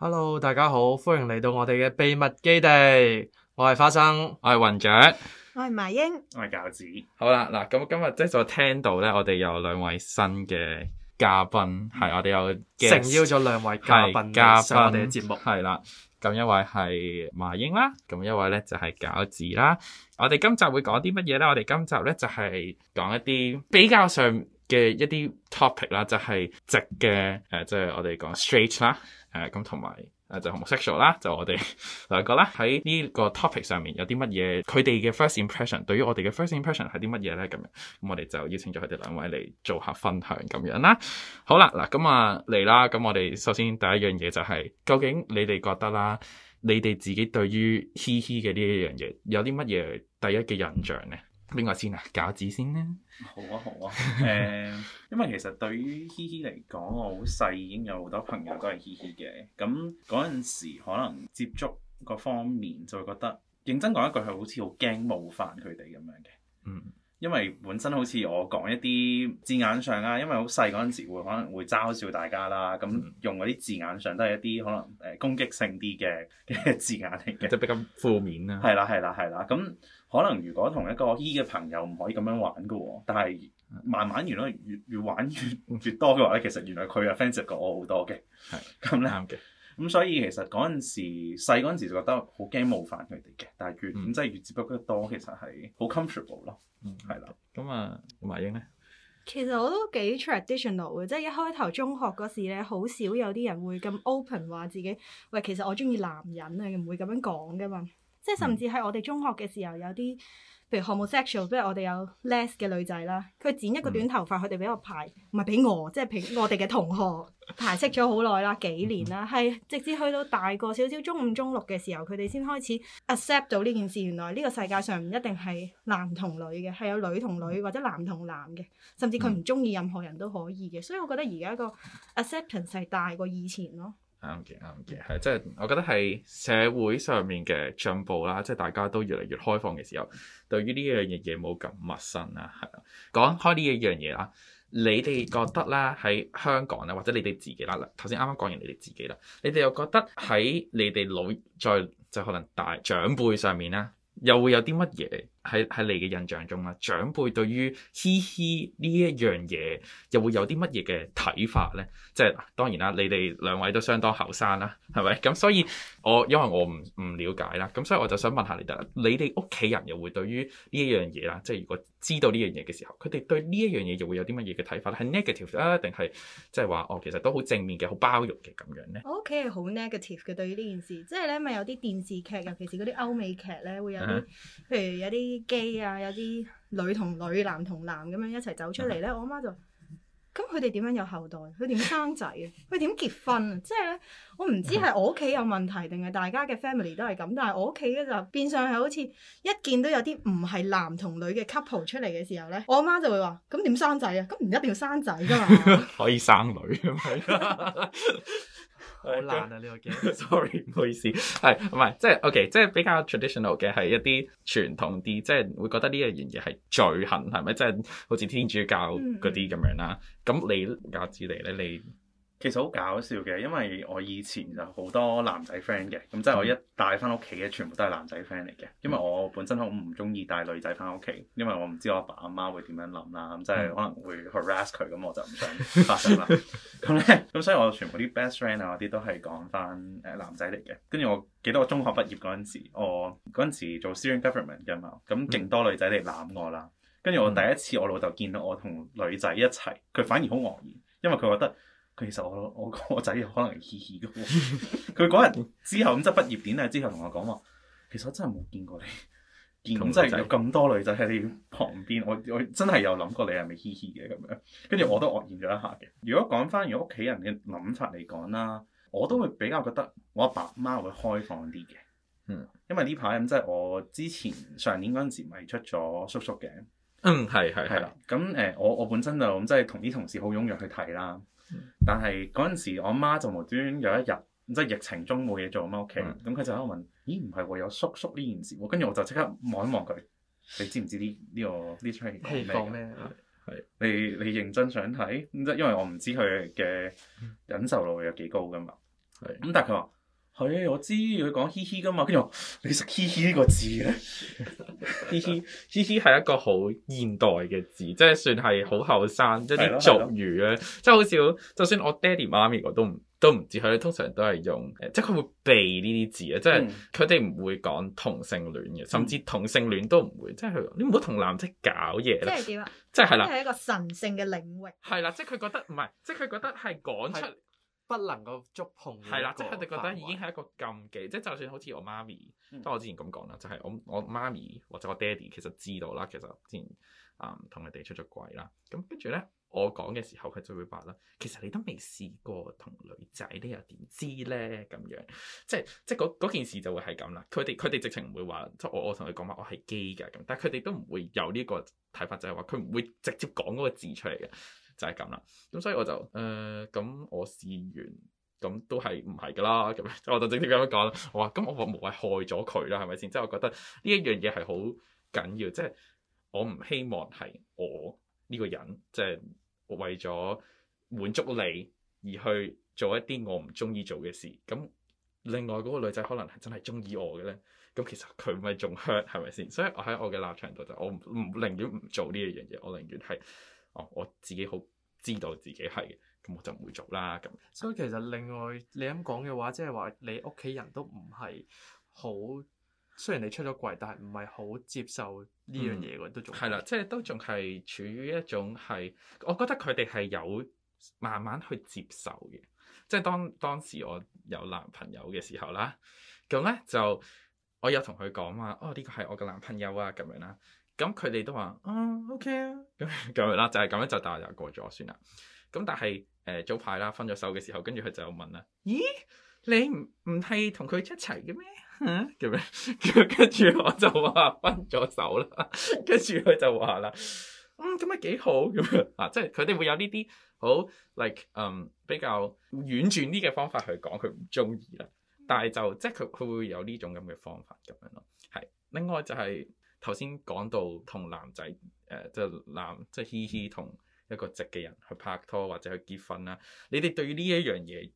Hello，大家好，歡迎嚟到我哋嘅秘密基地。我係花生，我係雲雀，我係麻鷹，我係餃子。好啦，嗱，咁今日即係就聽到咧，我哋有兩位新嘅嘉賓，係、嗯、我哋又誠邀咗兩位嘉賓上我哋嘅節目。係啦，咁一位係麻鷹啦，咁一位咧就係餃子啦。我哋今集會講啲乜嘢咧？我哋今集咧就係講一啲比較上嘅一啲 topic 啦、呃，就係直嘅誒，即係我哋講 straight 啦，誒咁同埋誒就 homosexual 啦，就我哋兩個啦，喺呢個 topic 上面有啲乜嘢？佢哋嘅 first impression 對於我哋嘅 first impression 係啲乜嘢咧？咁樣咁我哋就邀請咗佢哋兩位嚟做下分享咁樣啦。好啦，嗱咁啊嚟啦，咁我哋首先第一樣嘢就係、是、究竟你哋覺得啦，你哋自己對於嘻嘻嘅呢一樣嘢有啲乜嘢第一嘅印象咧？邊個先啊？餃子先呢？好啊，好啊。誒， uh, 因為其實對於嘻嘻嚟講，我好細已經有好多朋友都係嘻嘻嘅。咁嗰陣時可能接觸個方面，就會覺得認真講一句，係好似好驚冒犯佢哋咁樣嘅。嗯。因為本身好似我講一啲字眼上啦、啊，因為好細嗰陣時會可能會嘲笑大家啦。咁用嗰啲字眼上都係一啲可能誒攻擊性啲嘅嘅字眼嚟嘅。即係比較負面啦、啊。係啦，係啦，係啦。咁。可能如果同一個 E 嘅朋友唔可以咁樣玩嘅喎、哦，但係慢慢原來越越玩越越多嘅話咧，其實原來佢又 fancy 過我好多嘅，咁啱嘅。咁、嗯嗯嗯、所以其實嗰陣時細嗰陣時就覺得好驚冒犯佢哋嘅，但係越真係越接觸得多，其實係好 comfortable 咯。嗯，係啦的。咁啊、嗯，麻鷹咧，其實我都幾 traditional 嘅，即係一開頭中學嗰時咧，好少有啲人會咁 open 話自己，喂，其實我中意男人啊，唔會咁樣講嘅嘛。即係甚至喺我哋中學嘅時候有，有啲譬如 homosexual 譬如我哋有 les 嘅女仔啦，佢剪一個短頭髮，佢哋俾我排，唔係俾我，即係俾我哋嘅同學排斥咗好耐啦，幾年啦，係直至去到大個少少，中五中六嘅時候，佢哋先開始 accept 到呢件事，原來呢個世界上唔一定係男同女嘅，係有女同女或者男同男嘅，甚至佢唔中意任何人都可以嘅，所以我覺得而家個 acceptance 係大過以前咯。啱嘅，啱嘅，係即係，我覺得係社會上面嘅進步啦，即係大家都越嚟越開放嘅時候，對於呢一樣嘢冇咁陌生啦，係啦。講開呢一樣嘢啦，你哋覺得咧，喺香港咧，或者你哋自己啦，頭先啱啱講完你哋自己啦，你哋又覺得喺你哋老在就係、可能大長輩上面咧，又會有啲乜嘢？喺喺你嘅印象中啊，長輩對於嘻嘻呢一樣嘢又會有啲乜嘢嘅睇法咧？即係當然啦，你哋兩位都相當後生啦，係咪？咁所以我因為我唔唔了解啦，咁所以我就想問下你哋，你哋屋企人又會對於呢一樣嘢啦，即係如果知道呢樣嘢嘅時候，佢哋對呢一樣嘢又會有啲乜嘢嘅睇法咧？係 negative 啊，定係即係話哦，其實都好正面嘅，好包容嘅咁樣咧？我屋企係好 negative 嘅對於呢件事，即係咧咪有啲電視劇，尤其是嗰啲歐美劇咧，會有啲譬、uh huh. 如有啲。啲基啊，有啲女同女、男同男咁樣一齊走出嚟咧，我阿媽就咁，佢哋點樣有後代？佢點生仔啊？佢點結婚啊？即係咧，我唔知係我屋企有問題定係大家嘅 family 都係咁，但係我屋企咧就變相係好似一見到有啲唔係男同女嘅 couple 出嚟嘅時候咧，我阿媽就會話：咁點生仔啊？咁唔一定要生仔噶嘛？可以生女啊好難啊！呢 Okay. 個 game，sorry 唔好意思，係唔係？即係 OK，即係比較 traditional 嘅係一啲傳統啲，即係會覺得呢樣嘢係罪行，係咪？即係好似天主教嗰啲咁樣啦。咁 你餃子嚟咧？你其實好搞笑嘅，因為我以前就好多男仔 friend 嘅，咁即係我一帶翻屋企嘅全部都係男仔 friend 嚟嘅。因為我本身好唔中意帶女仔翻屋企，因為我唔知我阿爸阿媽會點樣諗啦，咁、嗯、即係可能會 harass 佢，咁我就唔想發生啦。咁咧， 咁所以我全部啲 best friend 啊，嗰啲都係講翻誒男仔嚟嘅。跟住我記得我中學畢業嗰陣時，我嗰陣時做 student government 噶嘛咁勁多女仔嚟攬我啦。跟住、嗯、我第一次我老豆見到我同女仔一齊，佢反而好愕然，因為佢覺得。其實我我個我仔有可能係嘻嘻嘅喎，佢嗰日之後咁即係畢業典禮，之後同我講話，其實我真係冇見過你，見到真係有咁多女仔喺你旁邊，我我真係有諗過你係咪嘻嘻嘅咁樣，跟住我都愕然咗一下嘅。如果講翻如果屋企人嘅諗法嚟講啦，我都會比較覺得我阿爸媽會開放啲嘅，嗯，因為呢排咁即係我之前上年嗰陣時咪出咗叔叔嘅。嗯，係係係啦，咁 誒，我、 呃、我本身就咁即係同啲同事好踴躍去睇啦， 但係嗰陣時我媽就無端端有一日，即係疫情中冇嘢做，喺屋企，咁 佢就喺度問：咦，唔係喎，有叔叔呢件事喎？跟住我就即刻望一望佢， 你知唔知呢呢、這個呢、這個、出戲講咩？係係， 是你你認真想睇，即因為我唔知佢嘅忍受度有幾高㗎嘛，係，咁但係佢話。係，我知佢講嘻嘻㗎嘛，跟住我，你識嘻嘻呢個字咧？ 嘻嘻嘻嘻係一個好現代嘅字，即係算係好後生，一啲俗語咧，即係好少。就算我爹哋媽咪我都唔都唔知佢哋，通常都係用誒，即係佢會避呢啲字啊，即係佢哋唔會講同性戀嘅，甚至同性戀都唔會，即係你唔好同男仔搞嘢啦。即係點啊？即係係啦。即係 一個神聖嘅領域。係啦，即係佢覺得唔係，即係佢覺得係講出嚟。 不能夠觸碰嘅。係啦，即係佢哋覺得已經係一個禁忌，即係就算好似我媽咪，即係我之前咁講啦，就係、是、我我媽咪或者我爹哋其實知道啦，其實之前啊同佢哋出咗軌啦，咁跟住咧我講嘅時候，佢就會話啦，其實你都未試過同女仔，你又點知咧？咁樣即係即係嗰件事就會係咁啦。佢哋佢哋直情唔會話，即係我我同佢講話我係 gay 㗎咁，但係佢哋都唔會有呢個睇法，就係話佢唔會直接講嗰個字出嚟嘅。就係咁啦，咁所以我就誒，咁、呃、我試完，咁都係唔係噶啦，咁 我就直接咁樣講啦。我話咁我無謂害咗佢啦，係咪先？即係我覺得呢一樣嘢係好緊要，即係我唔希望係我呢個人，即係為咗滿足你而去做一啲我唔中意做嘅事。咁另外嗰個女仔可能係真係中意我嘅咧，咁其實佢咪仲 hurt，係咪先？所以我喺我嘅立場度就我唔唔寧願唔做呢一樣嘢，我寧願係。哦，我自己好知道自己係嘅，咁我就唔會做啦。咁，所以其實另外你咁講嘅話，即係話你屋企人都唔係好，雖然你出咗櫃，但係唔係好接受呢樣嘢都仲係啦，即係都仲係處於一種係，我覺得佢哋係有慢慢去接受嘅。即係當當時我有男朋友嘅時候啦，咁咧就我有同佢講話，哦呢個係我嘅男朋友啊，咁樣啦。咁佢哋都話，啊，O K 啊，咁咁樣啦，就係咁樣就大日就過咗算啦。咁但係，誒、呃、早排啦，分咗手嘅時候，跟住佢就問啦，咦，你唔唔係同佢一齊嘅咩？吓、啊，咁樣，跟住我就話分咗手啦。跟住佢就話啦，嗯，咁咪幾好咁樣 啊，即係佢哋會有呢啲好，like，嗯、um,，比較婉轉啲嘅方法去講佢唔中意啦。但係就即係佢佢會有呢種咁嘅方法咁樣咯。係，另外就係、是。頭先講到同男仔誒、呃，即係男即係嘻嘻，同一個直嘅人去拍拖或者去結婚啦、嗯。你哋對呢一樣嘢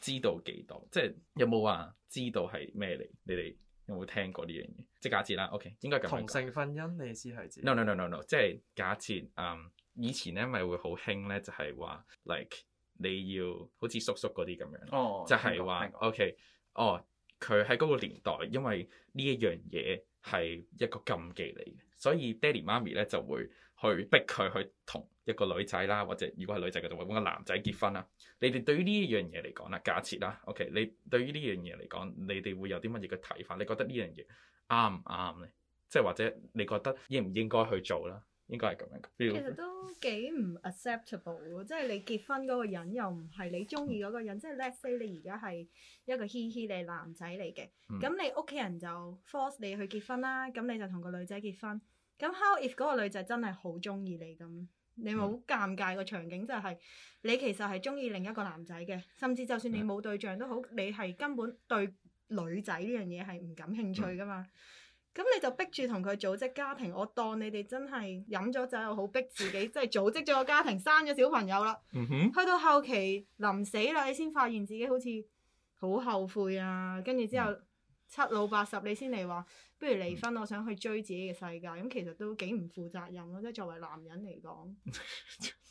知道幾多？即係有冇話知道係咩嚟？你哋有冇聽過呢樣嘢？即係假設啦，OK，應該咁同性婚姻你知係指？No no no no no，即係假設，嗯，以前咧咪會好興咧，就係、是、話 like 你要好似叔叔嗰啲咁樣，哦、就係話 OK，哦。佢喺嗰個年代，因為呢一樣嘢係一個禁忌嚟嘅，所以爹哋媽咪咧就會去逼佢去同一個女仔啦，或者如果係女仔嘅就搵個男仔結婚啦。你哋對於呢一樣嘢嚟講啦，假設啦，OK，你對於呢樣嘢嚟講，你哋會有啲乜嘢嘅睇法？你覺得呢樣嘢啱唔啱咧？即係或者你覺得應唔應該去做啦？應該係咁樣嘅。其實都幾唔 acceptable 喎， 即係你結婚嗰個人又唔係你中意嗰個人。嗯、即係 let's say 你而家係一個 HEHE 嘅男仔嚟嘅，咁、嗯、你屋企人就 force 你去結婚啦。咁你就同個女仔結婚。咁 how if 嗰個女仔真係好中意你咁？你咪好尷尬，個場景就係你其實係中意另一個男仔嘅，甚至就算你冇對象都好，你係根本對女仔呢樣嘢係唔感興趣噶嘛。嗯咁你就逼住同佢組織家庭，我當你哋真係飲咗酒又好，逼自己即係組織咗個家庭，生咗小朋友啦。嗯哼。去到後期臨死啦，你先發現自己好似好後悔啊。跟住之後七老八十，你先嚟話不如離婚，我想去追自己嘅世界。咁其實都幾唔負責任咯，即係作為男人嚟講。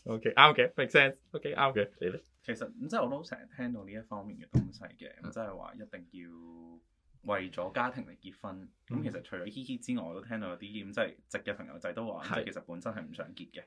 O K. 咁嘅 make sense。O K. 咁嘅你咧，其實即、嗯、我都成日聽到呢一方面嘅東西嘅、嗯，即係話一定要。為咗家庭嚟結婚，咁、嗯、其實除咗 HEHE 之外，我都聽到有啲咁即係直嘅朋友仔都話，是即係其實本身係唔想結嘅，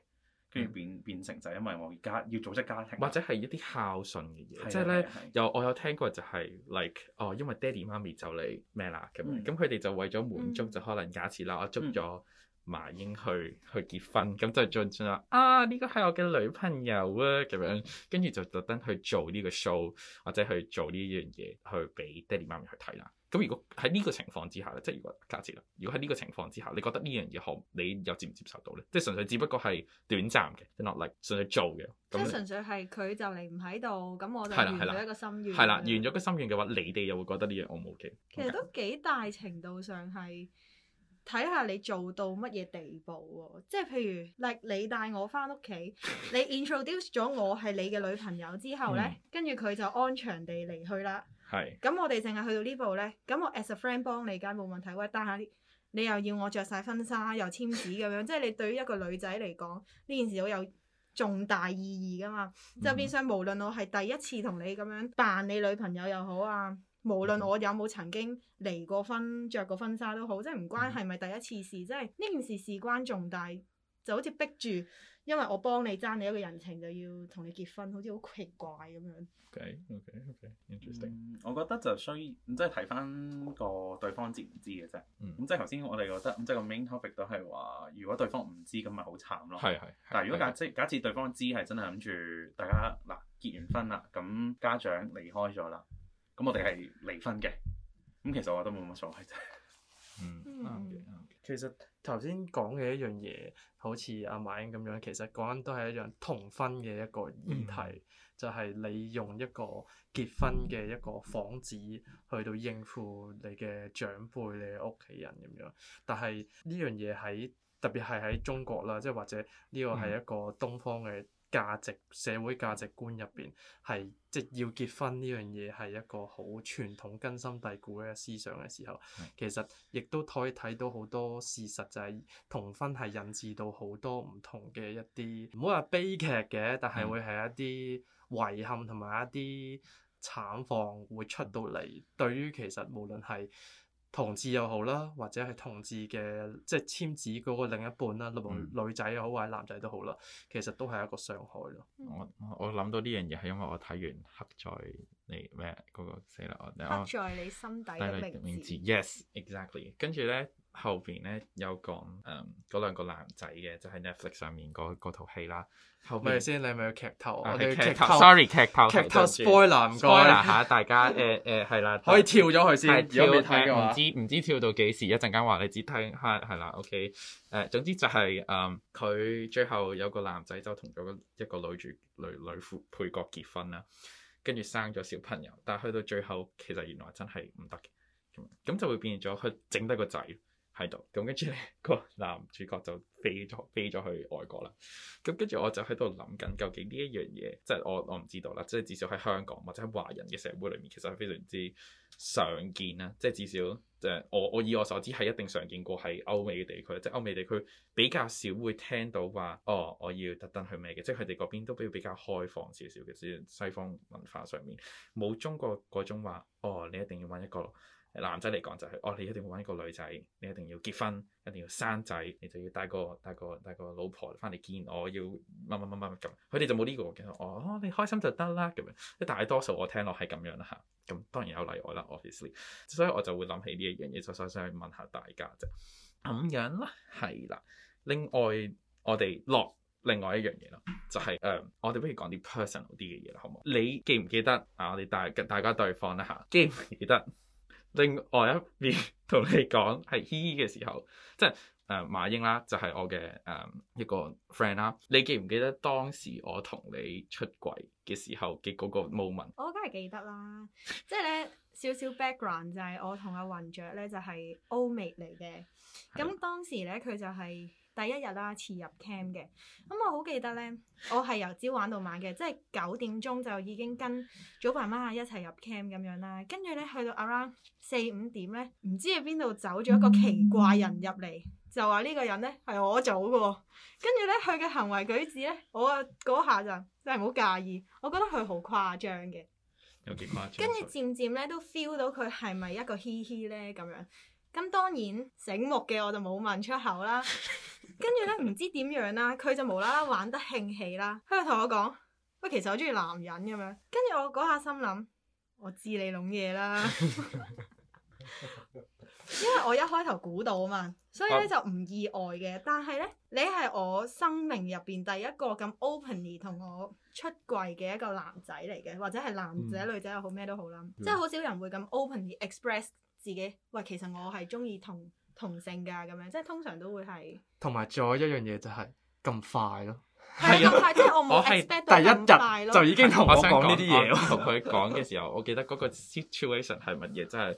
跟住、嗯、變變成就因為我而家要組織家庭，或者係一啲孝順嘅嘢，的即係咧的有我有聽過就係、是、like 哦，因為爹哋媽咪就嚟咩啦咁，咁佢哋就為咗滿足，嗯、就可能假設啦，我捉咗麻鷹去去結婚，咁、嗯、就進進話啊呢、這個係我嘅女朋友啊咁樣，跟住就特登去做呢個 show 或者去做呢樣嘢去俾爹哋媽咪去睇啦。咁如果喺呢個情況之下咧，即係如果假設啦，如果喺呢個情況之下，你覺得呢樣嘢好，你又接唔接受到咧？即係純粹只不過係短暫嘅，落嚟純粹做嘅。即係純粹係佢就嚟唔喺度，咁我就完咗一個心願。係啦，了了完咗個心願嘅話，的你哋又會覺得呢樣我冇嘅。其實都幾大程度上係睇下你做到乜嘢地步喎。即係譬如，例如你帶我翻屋企，你 introduce 咗我係你嘅女朋友之後咧， 跟住佢就安詳地離去啦。係咁，是我哋淨係去到呢步呢。咁我 as a friend 幫你梗係冇問題，我係擔下啲。你又要我着晒婚紗，又簽紙咁樣， 即係你對於一個女仔嚟講呢件事好有重大意義㗎嘛。即係、嗯、變相無論我係第一次同你咁樣扮你女朋友又好啊，無論我有冇曾經離過婚、着過婚紗都好，即係唔關係咪第一次事。即係呢件事事關重大，就好似逼住。因為我幫你爭你一個人情，就要同你結婚，好似好奇怪咁樣。OK，OK，OK，interesting，嗯。我覺得就需，即係睇翻個對方知唔知嘅啫。咁、嗯嗯、即係頭先我哋覺得，咁即係個 main topic 都係話，如果對方唔知，咁咪好慘咯。係係。但係如果假即係假設對方知，係真係諗住大家嗱結完婚啦，咁家長離開咗啦，咁我哋係離婚嘅。咁其實我都冇乜所謂啫。嗯。嗯。嗯其實頭先講嘅一樣嘢，好似阿馬英咁樣，其實講緊都係一樣同婚嘅一個議題，嗯、就係你用一個結婚嘅一個幌子去到應付你嘅長輩、你嘅屋企人咁樣。但係呢樣嘢喺特別係喺中國啦，即係或者呢個係一個東方嘅價值社會，價值觀入邊係，即係要結婚呢樣嘢係一個好傳統根深蒂固嘅思想嘅時候，其實亦都可以睇到好多事實，就係同婚係引致到好多唔同嘅一啲，唔好話悲劇嘅，但係會係一啲遺憾同埋一啲慘況會出到嚟。對於其實無論係。同志又好啦，或者係同志嘅即係簽紙嗰個另一半啦，無論、嗯、女仔又好，或者男仔都好啦，其實都係一個傷害咯。我我諗到呢樣嘢係因為我睇完刻在你咩嗰、這個死啦，刻在你心底的名字。Yes，exactly、哦。跟住咧。Yes, exactly. 後邊咧有講誒嗰兩個男仔嘅，就喺 Netflix 上面嗰套戲啦。後邊先，你係咪有劇透，我哋劇透，sorry 劇透。劇透 spoiler 唔該吓，大家誒誒係啦，可以跳咗佢先，有冇睇唔知唔知跳到幾時？一陣間話你只聽下係啦，OK 誒，總之就係誒佢最後有個男仔就同咗一個女主女女配角結婚啦，跟住生咗小朋友，但係去到最後其實原來真係唔得嘅，咁就會變咗佢整低個仔。喺度，咁跟住呢個男主角就飛咗飛咗去外國啦。咁跟住我就喺度諗緊，究竟呢一樣嘢，即係我我唔知道啦。即係至少喺香港或者喺華人嘅社會裏面，其實係非常之常見啦。即係至少誒，即係、我我以我所知係一定常見過喺歐美嘅地區。即係歐美地區比較少會聽到話，哦，我要特登去咩嘅。即係佢哋嗰邊都比較開放少少嘅，先西方文化上面冇中國嗰種話，哦，你一定要揾一個。男仔嚟講就係、是，哦，你一定要搵一個女仔，你一定要結婚，一定要生仔，你就要帶個帶個帶個老婆翻嚟見我要，要乜乜乜乜咁。佢哋就冇呢、這個嘅，哦，你開心就得啦咁樣。即係大多數我聽落係咁樣啦，咁當然有例外啦，obviously。所以我就會諗起呢一樣嘢，所就就想去問下大家啫。咁、就是、樣啦，係啦。另外我哋落另外一樣嘢啦，就係、是、誒、呃，我哋不如講啲 personal 啲嘅嘢啦，好唔好？你記唔記得啊？我哋大大家對方啦吓，記唔記得？另外一邊同你講係 HEHE 嘅時候，即係誒、呃、麻鷹啦，就係、是、我嘅誒、呃、一個 friend 啦。你記唔記得當時我同你出櫃嘅時候嘅嗰個 moment？我梗係記得啦。即係咧少少 background 就係我同阿雲雀咧就係歐美嚟嘅，咁 當時咧佢就係、是。第一日啦、啊，遲入 camp 嘅，咁、嗯、我好記得咧，我係由朝玩到晚嘅，即係九點鐘就已經跟早爸媽咪一齊入 camp 咁樣啦。跟住咧去到 around 四五點咧，唔知喺邊度走咗一個奇怪人入嚟，就話呢個人咧係我組嘅。跟住咧佢嘅行為舉止咧，我啊嗰下就真係好介意，我覺得佢好誇張嘅。有幾誇張？跟住漸漸咧都 feel 到佢係咪一個嘻嘻咧咁樣。咁、嗯、當然醒目嘅我就冇問出口啦。 跟住咧，唔知點樣啦，佢就無啦啦玩得興起啦，佢就同我講：喂，其實我中意男人咁樣。跟住我嗰下心諗，我知你諗嘢啦， 因為我一開頭估到嘛，所以咧就唔意外嘅。但係咧，你係我生命入邊第一個咁 openly 同我出櫃嘅一個男仔嚟嘅，或者係男仔、嗯、女仔又好，咩都好啦，即係好少人會咁 openly express 自己。喂，其實我係中意同。同性噶咁樣，即係通常都會係。同埋仲有一樣嘢就係咁快咯，係咁 快，係 第一日就已經同我講呢啲嘢，同佢講嘅時候，我記得嗰個 situation 係乜嘢，即係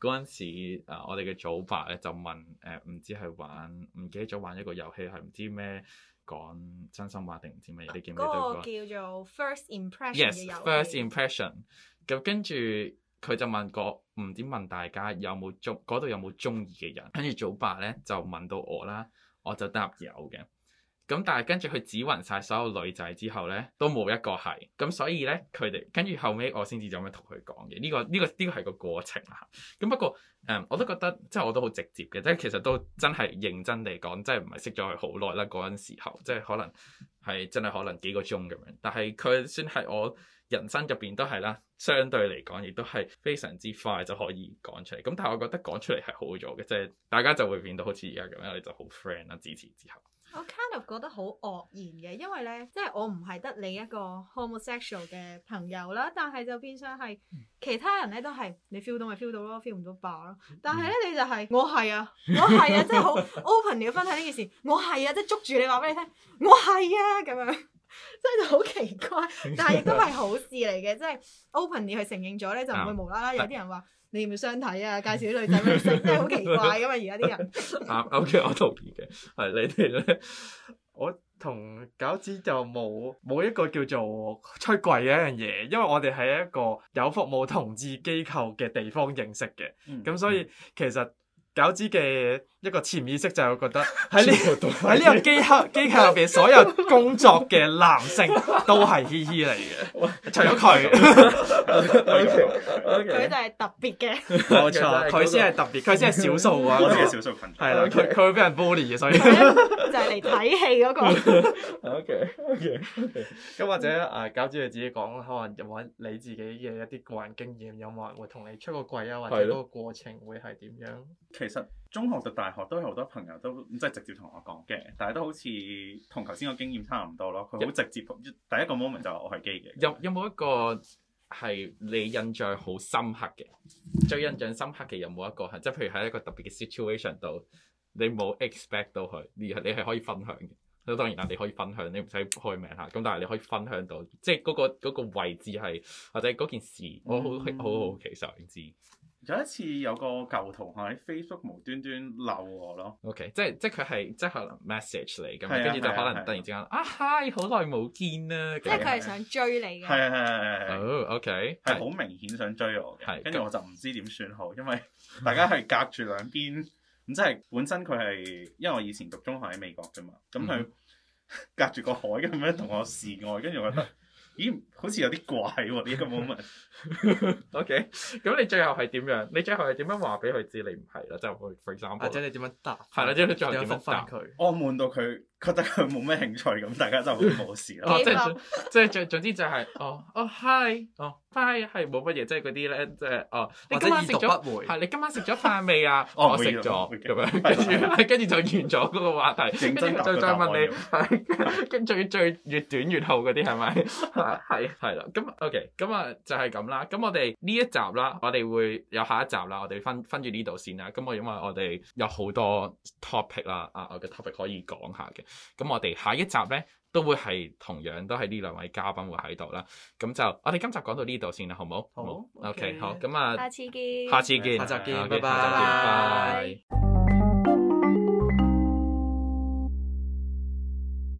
嗰陣時啊，我哋嘅祖爸咧就問誒，唔知係玩唔記得咗玩一個遊戲，係唔知咩講真心話定唔知乜嘢？ 你記唔記得嗰、嗰個 叫做 first impression? Yes, first impression。咁跟住。佢就問過唔點問大家有冇中嗰度有冇中意嘅人，跟住早八咧就問到我啦，我就答有嘅。咁但係跟住佢指勻晒所有女仔之後咧，都冇一個係咁，所以咧佢哋跟住後尾我先至咁樣同佢講嘅呢個呢、這個呢、這個係個過程啦。咁不過誒、嗯，我都覺得即係我都好直接嘅，即係其實都真係認真地講，即係唔係識咗佢好耐啦嗰陣時候，即係可能係真係可能幾個鐘咁樣。但係佢算係我人生入邊都係啦，相對嚟講亦都係非常之快就可以講出嚟。咁但係我覺得講出嚟係好咗嘅，即係大家就會變到好似而家咁樣，你就好 friend 啦，自此之後。我 kind of 覺得好愕然嘅，因為咧，即係我唔係得你一個 homosexual 嘅朋友啦，但係就變相係其他人咧都係你 feel 到咪 feel 到咯，feel 唔到爆咯。但係咧，你就係，我係啊，我係啊，真係好 open 嚟分享呢件事。我係啊，即係捉住你話俾你聽，我係啊咁樣。真係好奇怪，但係亦都係好事嚟嘅， 即係 openly 去承認咗呢， 就唔會無啦啦有啲人話 你唔要相睇啊，介紹啲女仔你識。真係好奇怪噶嘛，而家啲人。啱 ，OK，我同意嘅，係你哋呢？我同餃子就冇冇一個叫做出櫃嘅一樣嘢，因為我哋係一個有服務同志機構嘅地方認識嘅，咁、嗯、所以其實餃子嘅。一個潛意識就係我覺得喺呢個喺呢個機械機械入邊所有工作嘅男性都係嘻嘻嚟嘅，除咗佢，佢就係特別嘅，冇錯，佢先係特別，佢先係少數啊，我自少數羣，係啦，佢佢會俾人 bully 嘅，所以就係嚟睇戲嗰個。OK OK，咁或者誒，餃子你自己講可能有冇你自己嘅一啲個人經驗，有冇人會同你出個櫃啊？或者嗰個過程會係點樣？其實。中學讀大學都有好多朋友都即係直接同我講嘅，但係都好似同頭先個經驗差唔多咯。佢好直接，第一個 moment 就係我係 gay 嘅。有有冇一個係你印象好深刻嘅？最印象深刻嘅有冇一個係即係譬如喺一個特別嘅 situation 度，你冇 expect 到佢，而你係可以分享嘅。咁當然啦，你可以分享，你唔使開名吓。咁但係你可以分享到，即係嗰、嗰個嗰個位置係或者嗰件事，我好好、mm hmm. 好奇想知。有一次有個舊同學喺 Facebook 無端端鬧我咯，OK，即係即係佢係即係可能 message 嚟咁，跟住就可能突然之間啊嗨，好耐冇見啦？即係佢係想追你嘅？係係係係，好 OK，係好明顯想追我嘅，跟住我就唔知點算好，因為大家係隔住兩邊咁，即係本身佢係因為我以前讀中學喺美國㗎嘛，咁佢隔住個海咁樣同我示愛，跟住我覺得咦？好似有啲怪喎，呢個 moment。OK，咁你最後係點樣？你最後係點樣話俾佢知你唔係啦？即係佢飛三步。或者你點樣答？係啦，即係你最後點樣答？我悶到佢覺得佢冇咩興趣咁，大家就會冇事啦。即係即係總之就係哦哦 hi 哦 hi 係冇乜嘢，即係嗰啲咧即係哦。你今晚食咗飯未啊？我食咗咁樣，跟住跟住就完咗嗰個話題。認真就再問你，跟最最越短越好嗰啲係咪？係。係啦，咁 OK，咁啊就係咁啦，咁我哋呢一集啦，我哋會有下一集啦，我哋分分住呢度先啦，咁我因為我哋有好多 topic 啦，啊，啊我嘅 topic 可以講下嘅，咁我哋下一集咧都會係同樣都係呢兩位嘉賓會喺度啦，咁就我哋今集講到呢度先啦，好冇？好，OK，好，咁啊，okay, okay, 下次見，下次見，下次見，拜拜。Okay,